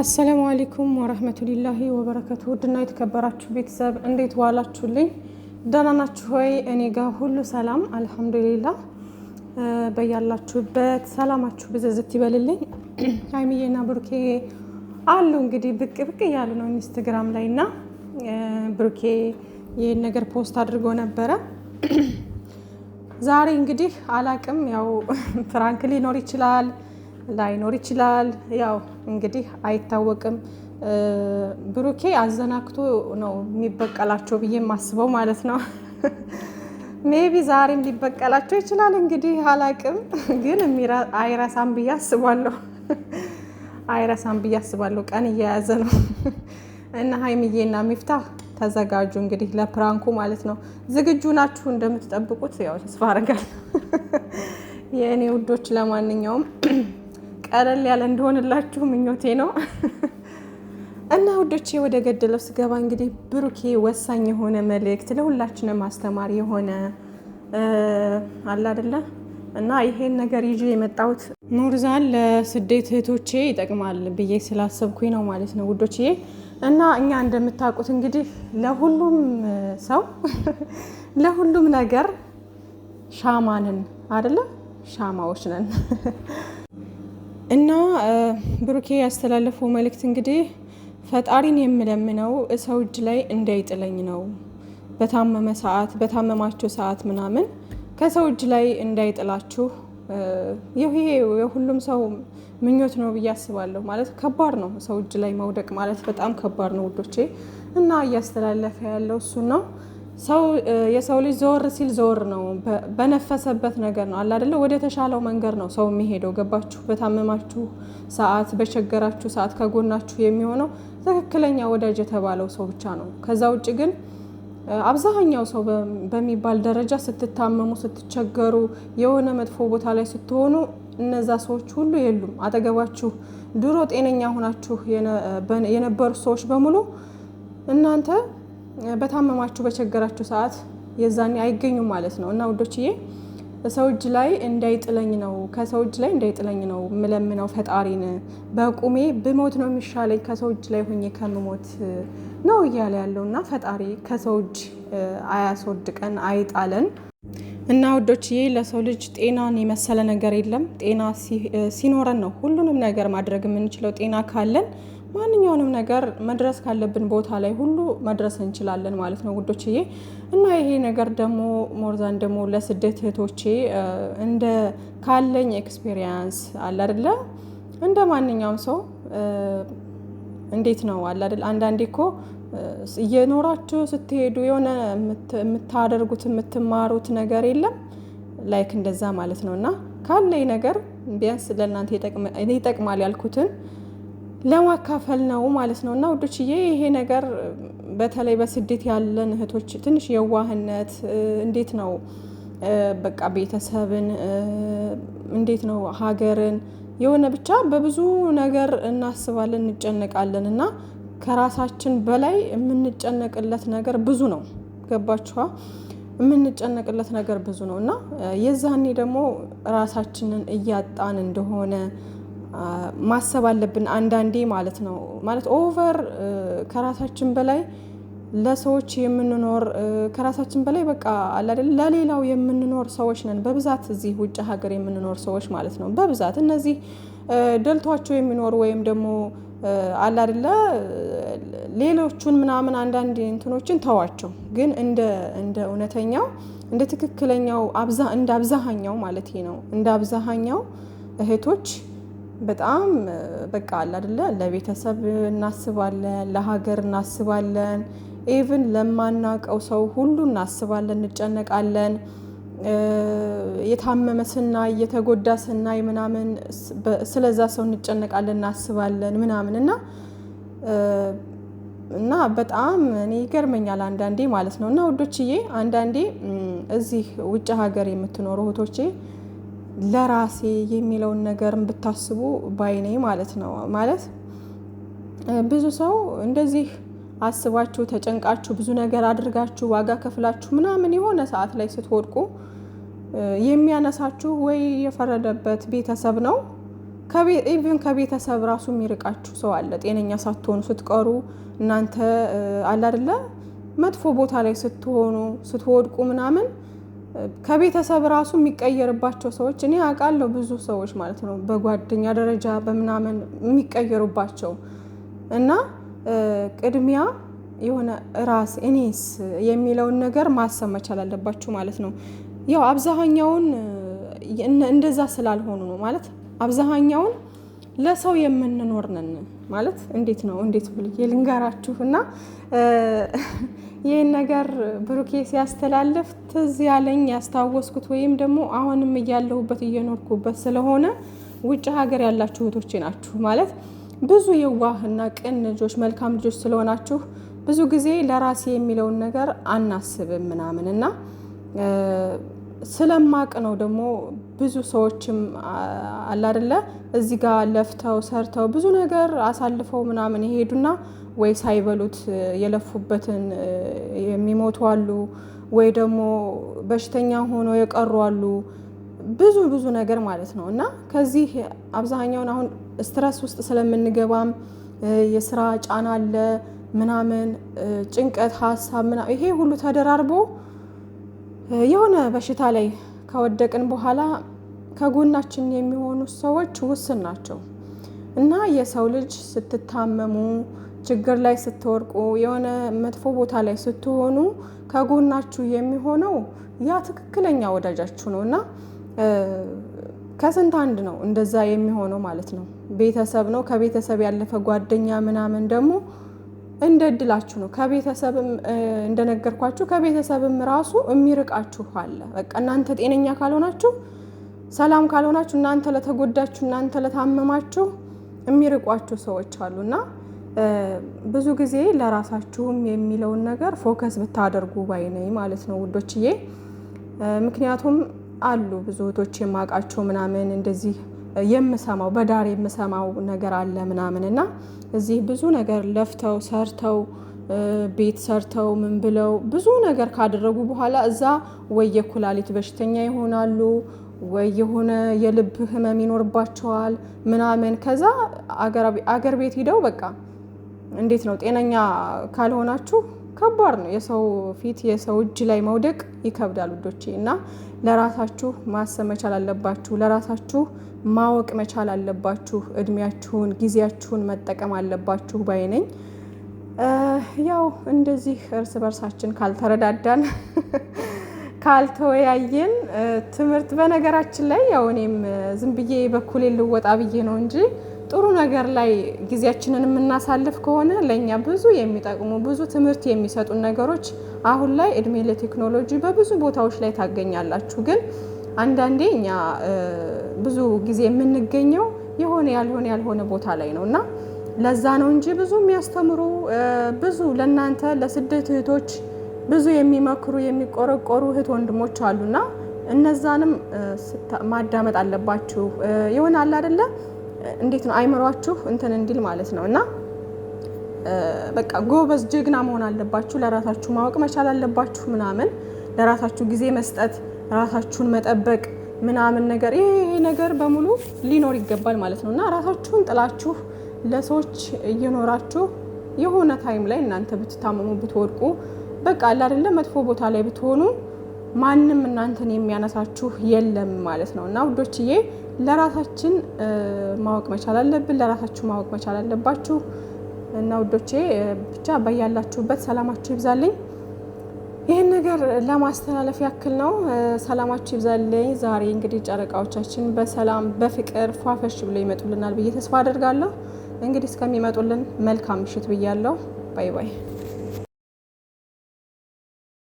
አሰላሙ አሌይኩም ወረህመቱሊላሂ ወበረከቱ። ውድና የተከበራችሁ ቤተሰብ እንዴት ዋላችሁልኝ? ደህና ናችሁ ሆይ? እኔ ጋር ሁሉ ሰላም አልሐምዱሊላ። በያላችሁበት ሰላማችሁ ብዝዝት ይበልልኝ። ሀይሚዬና ብሩኬ አሉ እንግዲህ ብቅ ብቅ እያሉ ነው ኢንስትግራም ላይ እና ብሩኬ ይህን ነገር ፖስት አድርጎ ነበረ። ዛሬ እንግዲህ አላቅም ያው ፍራንክ ሊኖር ይችላል ላይኖር ይችላል። ያው እንግዲህ አይታወቅም። ብሩኬ አዘናግቶ ነው የሚበቀላቸው ብዬ የማስበው ማለት ነው። ሜቢ ዛሬም ሊበቀላቸው ይችላል። እንግዲህ አላቅም፣ ግን አይረሳም ብዬ አስባለሁ። አይረሳም ብዬ አስባለሁ። ቀን እየያዘ ነው እና ሀይምዬና ሚፍታ ተዘጋጁ እንግዲህ ለፕራንኩ ማለት ነው። ዝግጁ ናችሁ እንደምትጠብቁት ያው ተስፋ አረጋለሁ የእኔ ውዶች። ለማንኛውም ቀለል ያለ እንደሆንላችሁ ምኞቴ ነው። እና ውዶቼ ወደ ገደለው ስገባ እንግዲህ ብሩኬ ወሳኝ የሆነ መልእክት ለሁላችንም አስተማሪ የሆነ አለ አይደለ? እና ይሄን ነገር ይዤ የመጣሁት ኑርዛን ለስደት እህቶቼ ይጠቅማል ብዬ ስላሰብኩኝ ነው ማለት ነው ውዶቼ። እና እኛ እንደምታውቁት እንግዲህ ለሁሉም ሰው ለሁሉም ነገር ሻማ ነን አይደለ? ሻማዎች ነን። እና ብሩኬ ያስተላለፈው መልእክት እንግዲህ ፈጣሪን የምለምነው ሰው እጅ ላይ እንዳይጥለኝ ነው። በታመመ ሰዓት በታመማቸው ሰዓት ምናምን ከሰው እጅ ላይ እንዳይጥላችሁ። ይሄ የሁሉም ሰው ምኞት ነው ብዬ አስባለሁ። ማለት ከባድ ነው፣ ሰው እጅ ላይ መውደቅ ማለት በጣም ከባድ ነው ውዶቼ። እና እያስተላለፈ ያለው እሱን ነው። ሰው የሰው ልጅ ዘወር ሲል ዘወር ነው፣ በነፈሰበት ነገር ነው አለ አይደለ? ወደ ተሻለው መንገድ ነው ሰው የሚሄደው። ገባችሁ? በታመማችሁ ሰዓት፣ በቸገራችሁ ሰዓት ከጎናችሁ የሚሆነው ትክክለኛ ወዳጅ የተባለው ሰው ብቻ ነው። ከዛ ውጭ ግን አብዛኛው ሰው በሚባል ደረጃ ስትታመሙ፣ ስትቸገሩ፣ የሆነ መጥፎ ቦታ ላይ ስትሆኑ እነዛ ሰዎች ሁሉ የሉም አጠገባችሁ። ድሮ ጤነኛ ሆናችሁ የነበሩ ሰዎች በሙሉ እናንተ በታመማችሁ በቸገራችሁ ሰዓት የዛኔ አይገኙም ማለት ነው። እና ውዶችዬ ሰው እጅ ላይ እንዳይጥለኝ ነው ከሰው እጅ ላይ እንዳይጥለኝ ነው ምለምነው ፈጣሪን። በቁሜ ብሞት ነው የሚሻለኝ ከሰው እጅ ላይ ሆኜ ከምሞት ነው እያለ ያለው እና ፈጣሪ ከሰው እጅ አያስወድቀን አይጣለን። እና ውዶችዬ ለሰው ልጅ ጤናን የመሰለ ነገር የለም። ጤና ሲኖረን ነው ሁሉንም ነገር ማድረግ የምንችለው ጤና ካለን ማንኛውንም ነገር መድረስ ካለብን ቦታ ላይ ሁሉ መድረስ እንችላለን ማለት ነው ውዶችዬ። እና ይሄ ነገር ደግሞ ሞርዛን ደግሞ ለስደት እህቶቼ እንደ ካለኝ ኤክስፔሪየንስ አለ አይደለ እንደ ማንኛውም ሰው እንዴት ነው አለ አይደል አንዳንዴ እኮ እየኖራችሁ ስትሄዱ የሆነ የምታደርጉት የምትማሩት ነገር የለም ላይክ እንደዛ ማለት ነው እና ካለኝ ነገር ቢያንስ ለእናንተ ይጠቅማል ያልኩትን ለማካፈል ነው ማለት ነው። እና ውዶችዬ ይሄ ነገር በተለይ በስደት ያለን እህቶች ትንሽ የዋህነት እንዴት ነው በቃ ቤተሰብን እንዴት ነው ሀገርን የሆነ ብቻ በብዙ ነገር እናስባለን፣ እንጨነቃለን እና ከራሳችን በላይ የምንጨነቅለት ነገር ብዙ ነው። ገባችኋ? የምንጨነቅለት ነገር ብዙ ነው እና የዛኔ ደግሞ ራሳችንን እያጣን እንደሆነ ማሰብ አለብን አንዳንዴ ማለት ነው። ማለት ኦቨር ከራሳችን በላይ ለሰዎች የምንኖር ከራሳችን በላይ በቃ አላደለ ለሌላው የምንኖር ሰዎች ነን በብዛት እዚህ ውጭ ሀገር የምንኖር ሰዎች ማለት ነው። በብዛት እነዚህ ደልቷቸው የሚኖሩ ወይም ደግሞ አላደለ ሌሎቹን ምናምን አንዳንድ እንትኖችን ተዋቸው፣ ግን እንደ እንደ እውነተኛው እንደ ትክክለኛው እንደ አብዛሃኛው ማለት ነው እንደ አብዛሃኛው እህቶች በጣም በቃ አለ አደለ፣ ለቤተሰብ እናስባለን፣ ለሀገር እናስባለን፣ ኢቭን ለማናቀው ሰው ሁሉ እናስባለን፣ እንጨነቃለን። የታመመ ስናይ፣ የተጎዳ ስናይ ምናምን ስለዛ ሰው እንጨነቃለን፣ እናስባለን ምናምን እና እና በጣም እኔ ይገርመኛል አንዳንዴ ማለት ነው። እና ውዶችዬ አንዳንዴ እዚህ ውጭ ሀገር የምትኖሩ እህቶቼ ለራሴ የሚለውን ነገር ብታስቡ ባይኔ ማለት ነው። ማለት ብዙ ሰው እንደዚህ አስባችሁ ተጨንቃችሁ ብዙ ነገር አድርጋችሁ ዋጋ ከፍላችሁ ምናምን የሆነ ሰዓት ላይ ስትወድቁ የሚያነሳችሁ ወይ የፈረደበት ቤተሰብ ነው። ኢቭን ከቤተሰብ ራሱ የሚርቃችሁ ሰው አለ። ጤነኛ ሳትሆኑ ስትቀሩ እናንተ አላደለ መጥፎ ቦታ ላይ ስትሆኑ ስትወድቁ ምናምን ከቤተሰብ ራሱ የሚቀየርባቸው ሰዎች እኔ አውቃለሁ። ብዙ ሰዎች ማለት ነው በጓደኛ ደረጃ በምናምን የሚቀየሩባቸው እና ቅድሚያ የሆነ ራስ እኔስ የሚለውን ነገር ማሰብ መቻል አለባችሁ ማለት ነው። ያው አብዛኛውን እንደዛ ስላልሆኑ ነው ማለት አብዛኛውን ለሰው የምንኖር ነን። ማለት እንዴት ነው እንዴት ብዬ ልንገራችሁ እና ይህን ነገር ብሩኬ ሲያስተላልፍ ትዝ ያለኝ ያስታወስኩት ወይም ደግሞ አሁንም እያለሁበት እየኖርኩበት ስለሆነ ውጭ ሀገር ያላችሁ እህቶቼ ናችሁ ማለት ብዙ የዋህና ቅን ልጆች መልካም ልጆች ስለሆናችሁ ብዙ ጊዜ ለራሴ የሚለውን ነገር አናስብም ምናምን እና ስለማቅ ነው ደግሞ ብዙ ሰዎችም አለ አይደለ እዚህ ጋር ለፍተው ሰርተው ብዙ ነገር አሳልፈው ምናምን ይሄዱና ወይ ሳይበሉት የለፉበትን የሚሞቱ አሉ፣ ወይ ደግሞ በሽተኛ ሆኖ የቀሩ አሉ። ብዙ ብዙ ነገር ማለት ነው እና ከዚህ አብዛኛውን አሁን ስትረስ ውስጥ ስለምንገባም የስራ ጫና አለ ምናምን ጭንቀት፣ ሀሳብ ምናምን ይሄ ሁሉ ተደራርቦ የሆነ በሽታ ላይ ከወደቅን በኋላ ከጎናችን የሚሆኑ ሰዎች ውስን ናቸው እና የሰው ልጅ ስትታመሙ፣ ችግር ላይ ስትወርቁ፣ የሆነ መጥፎ ቦታ ላይ ስትሆኑ ከጎናችሁ የሚሆነው ያ ትክክለኛ ወዳጃችሁ ነው እና ከስንት አንድ ነው እንደዛ የሚሆነው ማለት ነው። ቤተሰብ ነው። ከቤተሰብ ያለፈ ጓደኛ ምናምን ደግሞ እንደ እድላችሁ ነው። ከቤተሰብም እንደነገርኳችሁ ከቤተሰብም ራሱ የሚርቃችሁ አለ። በቃ እናንተ ጤነኛ ካልሆናችሁ፣ ሰላም ካልሆናችሁ፣ እናንተ ለተጎዳችሁ፣ እናንተ ለታመማችሁ የሚርቋችሁ ሰዎች አሉ እና ብዙ ጊዜ ለራሳችሁም የሚለውን ነገር ፎከስ ብታደርጉ ባይ ነኝ ማለት ነው ውዶችዬ። ምክንያቱም አሉ ብዙ እህቶች የማውቃቸው ምናምን እንደዚህ የምሰማው በዳር የምሰማው ነገር አለ ምናምን እና እዚህ ብዙ ነገር ለፍተው ሰርተው ቤት ሰርተው ምን ብለው ብዙ ነገር ካደረጉ በኋላ እዛ ወይ የኩላሊት በሽተኛ ይሆናሉ ወይ የሆነ የልብ ህመም ይኖርባቸዋል ምናምን። ከዛ አገር ቤት ሂደው በቃ እንዴት ነው ጤነኛ ካልሆናችሁ ከባድ ነው። የሰው ፊት የሰው እጅ ላይ መውደቅ ይከብዳል ውዶቼ። እና ለራሳችሁ ማሰብ መቻል አለባችሁ። ለራሳችሁ ማወቅ መቻል አለባችሁ። እድሜያችሁን፣ ጊዜያችሁን መጠቀም አለባችሁ ባይ ነኝ። ያው እንደዚህ እርስ በርሳችን ካልተረዳዳን ካልተወያየን ትምህርት በነገራችን ላይ ያው እኔም ዝም ብዬ በኩሌ ልወጣ ብዬ ነው እንጂ ጥሩ ነገር ላይ ጊዜያችንን የምናሳልፍ ከሆነ ለእኛ ብዙ የሚጠቅሙ ብዙ ትምህርት የሚሰጡ ነገሮች አሁን ላይ እድሜ ለቴክኖሎጂ በብዙ ቦታዎች ላይ ታገኛላችሁ። ግን አንዳንዴ እኛ ብዙ ጊዜ የምንገኘው የሆነ ያልሆነ ያልሆነ ቦታ ላይ ነው እና ለዛ ነው እንጂ ብዙ የሚያስተምሩ ብዙ ለእናንተ ለስደት እህቶች ብዙ የሚመክሩ የሚቆረቆሩ እህት ወንድሞች አሉና እነዛንም ማዳመጥ አለባችሁ። ይሆናል አይደለ? እንዴት ነው አይምሯችሁ እንትን እንዲል ማለት ነው እና በቃ ጎበዝ ጀግና መሆን አለባችሁ። ለራሳችሁ ማወቅ መቻል አለባችሁ ምናምን ለራሳችሁ ጊዜ መስጠት፣ ራሳችሁን መጠበቅ ምናምን ነገር ይሄ ነገር በሙሉ ሊኖር ይገባል ማለት ነው እና ራሳችሁን ጥላችሁ ለሰዎች እየኖራችሁ የሆነ ታይም ላይ እናንተ ብትታመሙ ብትወድቁ፣ በቃ አለ አይደለም መጥፎ ቦታ ላይ ብትሆኑ ማንም እናንተን የሚያነሳችሁ የለም ማለት ነው እና ውዶችዬ ለራሳችን ማወቅ መቻል አለብን። ለራሳችሁ ማወቅ መቻል አለባችሁ። እና ውዶቼ ብቻ በያላችሁበት ሰላማችሁ ይብዛልኝ። ይህን ነገር ለማስተላለፍ ያክል ነው። ሰላማችሁ ይብዛልኝ። ዛሬ እንግዲህ ጨረቃዎቻችን በሰላም በፍቅር ፏፈሽ ብሎ ይመጡልናል ብዬ ተስፋ አደርጋለሁ። እንግዲህ እስከሚመጡልን መልካም ምሽት ብያለሁ። ባይ ባይ